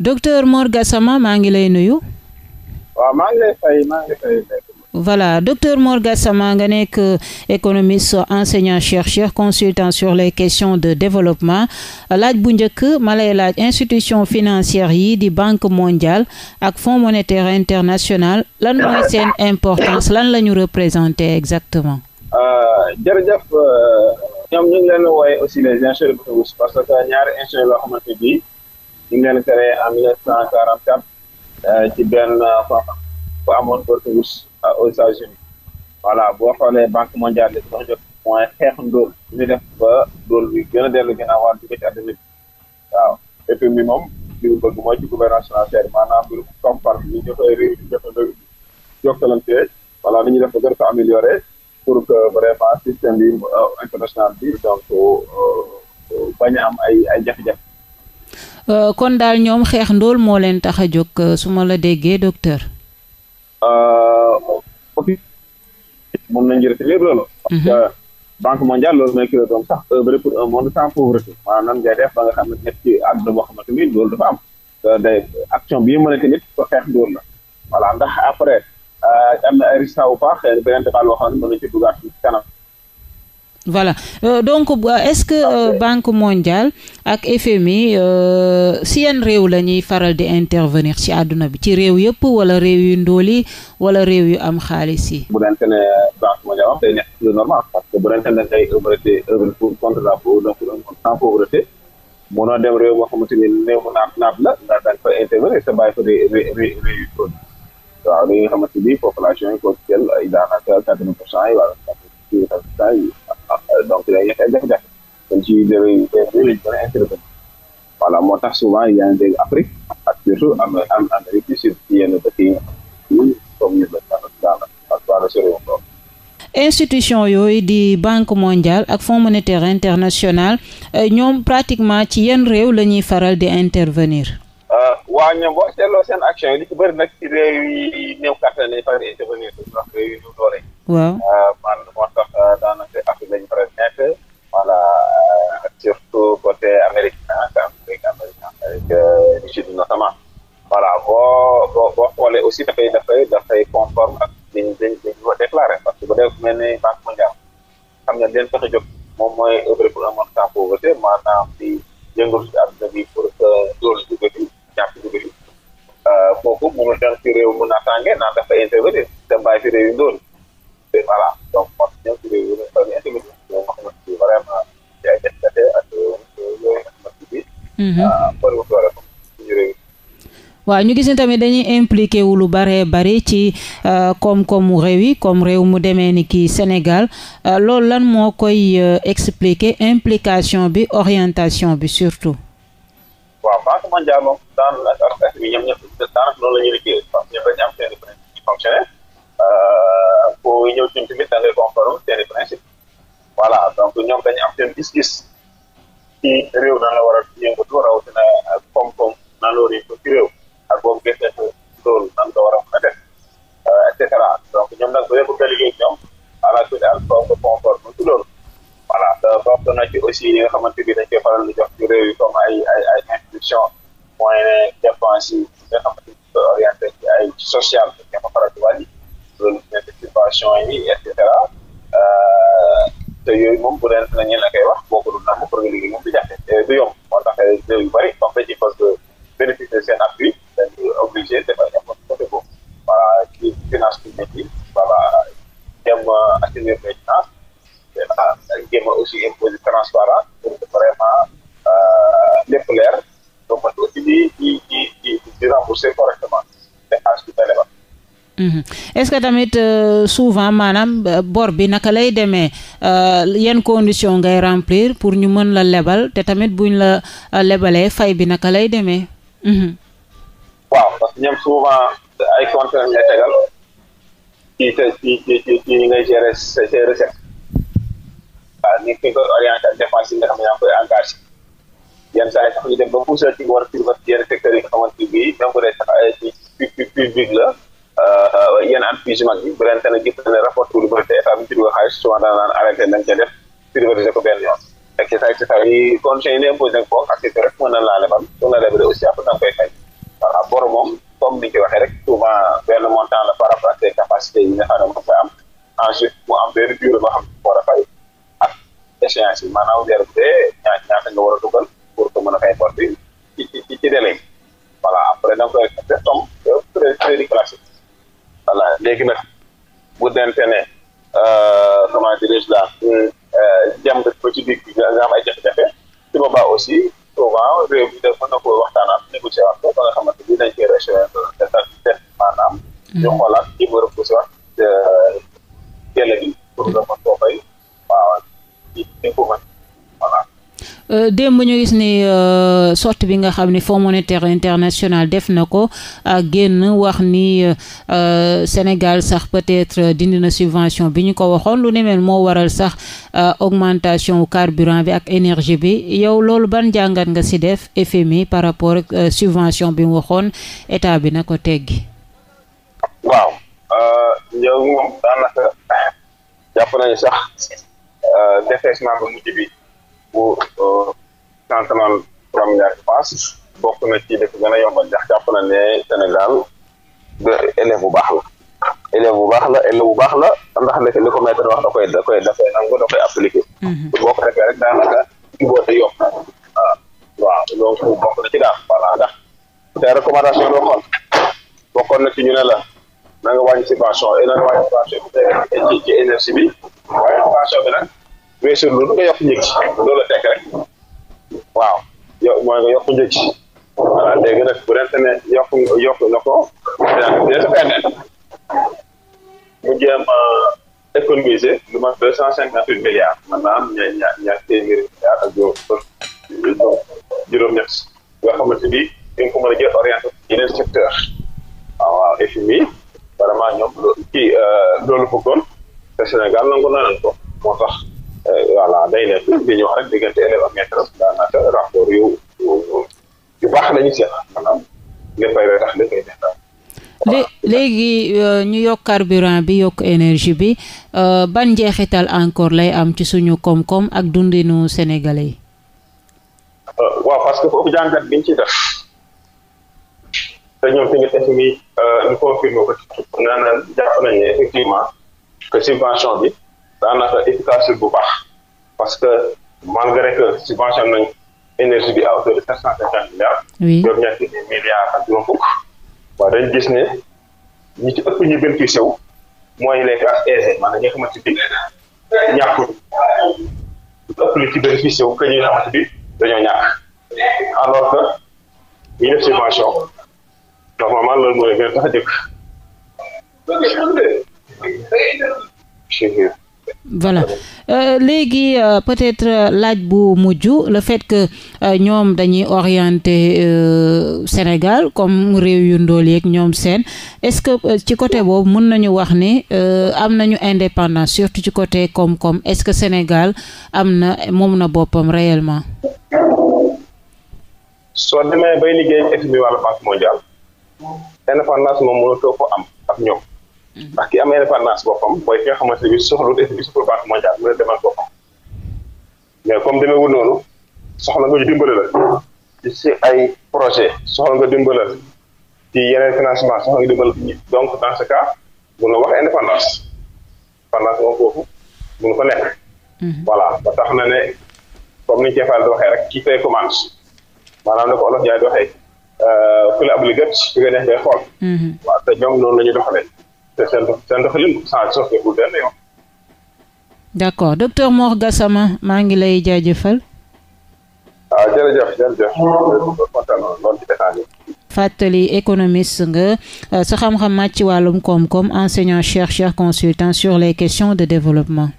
docteur Mor Gassama maa ngi lay nuyu. waaw maa ngi maa nga nekk euh, économiste enseignant chercheur consultant sur les questions de développement laaj bu njëkk ma lay laaj institution financière yi di banque mondiale ak fonds monétaire international lan mooy seen importance lan la ñu représenter exactement. Euh, euh, ñu ngi leen créé en cent quarante quatre euh, ci benn conférence euh, bu amoon Portugis euh, aux États-Unis voilà boo xoolee banque mondiale li dox jot mooy xeexu ndóol ñu def ba dool bi gën a dellu ginnaaw wàll dugg ci àddina bi waaw FMI moom li mu bëgg mooy ci gouvernance financière maanaam mbirum koom-koom ñu joxe réew joxe ndóol jokkalante voilà li ñu def ba gën ko améliorer pour que vraiment système bi bi donc bañ a am ay ay jafe Euh, kon daal ñoom xeex ndool moo leen tax a jóg euh, su ma la déggee docteur. Euh, moom nañ jëriñ si lépp loolu. Mhm. parce que banque mondiale loolu mooy kilo doom sax œuvre pour un monde sans pauvreté maanaam nan ngay def nga xam ne nekk ci àdduna boo xamante ni loolu dafa am. day action bii mën tamit ko xeex ndóol la voilà ndax après am na ay résultats wu baax beneen tabax boo xam ne ci dugaat ci kanam. voilà euh, donc euh, est-ce que euh, Banque mondiale ak FMI euh, si yenn réew la ñuy faral di intervenir ci àdduna bi ci réew yëpp wala réew yu ndóol yi wala réew yu am xaalis yi. bu dente ne Banque mondiale day nekk dem réew boo xamante ni néew mu naat naat la nga daan fa intervenir sa bàyyi fa ré ré réew yu population yi ko jël ay daanaka quatre-vingts pour cent pour cent yi. Euh, donc day yëf ay jafe moo tax souvent yaa ngi dégg institution yooyu di banque mondiale ak fonds monétaire international euh, ñoom pratiquement ci yenn réew la ñuy faral di intervenir. waa euh, waaw aussi dafay dafay dafay conforme ak li ñu li ñu ko déclaré parce que bu dee mel ni banque mondiale xam ne leen fexe jóg moom mooy œuvre pour un monde sans pauvreté maanaam di yëngal si àdduna bi pour que loolu fi ñàkk jóge fi euh, kooku réew mu naataange naan dafa intervenir te donc moom ñoom vraiment waaw ñu gis ni tamit dañuy impliqué wu lu bare bari ci euh, koom-koomu réew yi comme réew mu demee ni kii Sénégal euh, loolu lan moo koy euh, expliquer implication bi orientation bi surtout. waaw banque mondiale moom daanaka ak FMI ñoom ñoom dañu am seen principe yu fonctionnaire pour ñëw ci tamit da ngay conforme seen i principe voilà donc ñoom dañu am seen gis-gis ci réew nan la war a yëngatu rawatina koom-koom nan la services nga xamante bi dañ koy faral di jox ci ay ay ay instruction mooy ne dépenses nga xamante ni koy orienté ci ay social dañ koy faral di wàññi loolu nekk yi et cetera euh, te yooyu moom bu dee na ñeen la wax boo ko dul nangu pour nga liggéey moom du jafe du yomb moo tax réew yu bëri comme dañuy parce que bénéfice de seen appui dañuy obligé dafay ñamoon côté boobu voilà ci finance publique yi voilà dem assainir aussi imposer est-ce que tamit euh, souvent maanaam euh, bor bi naka lay demee euh, yan condition ngay remplir pour ñu mën la lebal te tamit buñ la lebalee fay bi naka lay demee. Mhm. waaw parce que ñoom souvent ay contraintes lay tegal ci ci ngay gérer say nit ki koy orienté ak dépense yi nga xam ne yaa ngi koy engagé yenn saa yi sax ñu dem ba puusal ci war privatiser yenn secteurs yi nga xamante bi euh, même bu dee sax ay rapport bu bëri te état bi ci dugal xaalis souvent daan naan ca def privatiser ko benn yoon. ak ci yi ci saa yi conditions yi rek mën na laa lebal mën aussi tombe très classique voilà léegi nag bu dente ne euh, comment dirais-je là euh, jàmm def ko ci digg bi nga am ay jafe-jafe ci boobaa aussi souvent réew mi def mën na ko waxtaanaat négocier waat ko ba nga xamante ni dañ koy réchauffer état bi def maanaam mm. ñu xoolaat ci ma repoussé waat bi pour nga waaw Euh, démb ñu gis ni euh, sorte bi nga xam ne Fonds monétaire international def na ko ak génn wax ni euh, Sénégal sax peut-être dindi na subvention bi ñu ko waxoon lu ne mel moo waral sax augmentation carburant bi ak énergie bi yow loolu ban jàngat nga ci def FMI par rapport ak subvention bi mu waxoon état bi na ko teggi. waaw yow daanaka jàpp nañu sax décaissement bu mujj bi. bu cent euh, trente trois milliards je pense bokk na ci def gën a yombal jax jàpp na ne Sénégal de élève bu baax la élève bu baax la élève bu baax la ndax li li ko maître wax da koy da koy da koy nangu da koy appliquer boo ko defee rek daanaka ci boote yomb ah, waaw donc bokk na ci daal voilà ndax te recommandation yi waxoon bokkoon na ci ñu ne la na nga wàññi subvention na nga wàññi subvention bi ci énergie bi waaye subvention bi nag mais sur loolu nga yokk njëg ci waaw yokk njëg ci voilà léegi nag ne yokk yokk na ko dina def internet mu lu mat deux cent cinquante huit milliards maanaam ñaar ñaar ñaar téeméeri milliards ak juróom-ñett nga xamante ni di nga ko mën a jël secteur waaw waaw FMI ñoom kii euh, loolu bëggoon te Sénégal nangu na moo tax. Euh, voilà day nekk dañuy wax rek diggante élève ak maîtresse daanaka rapport yu yu baax la ñu seet maanaam léegi euh, ñu yokk carburant bi yokk énergie bi euh, ban njeexital encore lay am ci suñu koom-koom ak dundinu sénégalais yi. waaw parce que foofu bi ci def nañu effectivement que subvention bi. daanaka efficace bu baax parce que malgré que subvention nañ énergie bi à hauteur de sept cent cinquante milliards. oui ñoom milliards ak juróom fukk. dañ gis ne ñi ci ëpp ñu gën mooy les classes aisées maanaam nga xamante ci bénéficié wu que ñi nga xamante ni dañoo ñàkk alors que ñu def subvention normalement loolu mooy gën tax jëkk. voilà ah euh, léegi euh, peut-être euh, laaj bu mujj le fait que euh, ñoom euh, dañuy orienté Sénégal comme réew yu ndool yeeg ñoom seen est-ce que ci côté boobu mën nañu wax ni am nañu indépendance surtout ci côté koom-koom est-ce que Sénégal am na moom na boppam réellement. soo demee bay liggéey FMI wala Banque mondiale indépendance moom mënatoo ko am ak ñoom. ndax ki am indépendance boppam mooy ki nga xamante ne bi soxla bi soxla banque mondiale mën a boppam mais comme demeewul noonu soxla nga ñu dimbali la ci si ay projet soxla nga dimbalal ci yeneen financement soxla nga dimbalal donc dans ce cas mun na wax indépendance indépendance moom foofu mun ko nekk mhm. voilà ba tax na ne comme niñu ceefal di waxee rek kii koy commande maanaam ne ko olof jaay di waxee euh, ku la neex ngay xool mhm. waaw te ñoom noonu la ñu te seen seen d' accord docteur Mor Gassama maa ngi lay jaajëfal. waaw ah, jërëjëf fàttali économiste nga sa xam-xam màcc ci wàllum koom-koom enseignant chercheur consultant sur les questions de développement.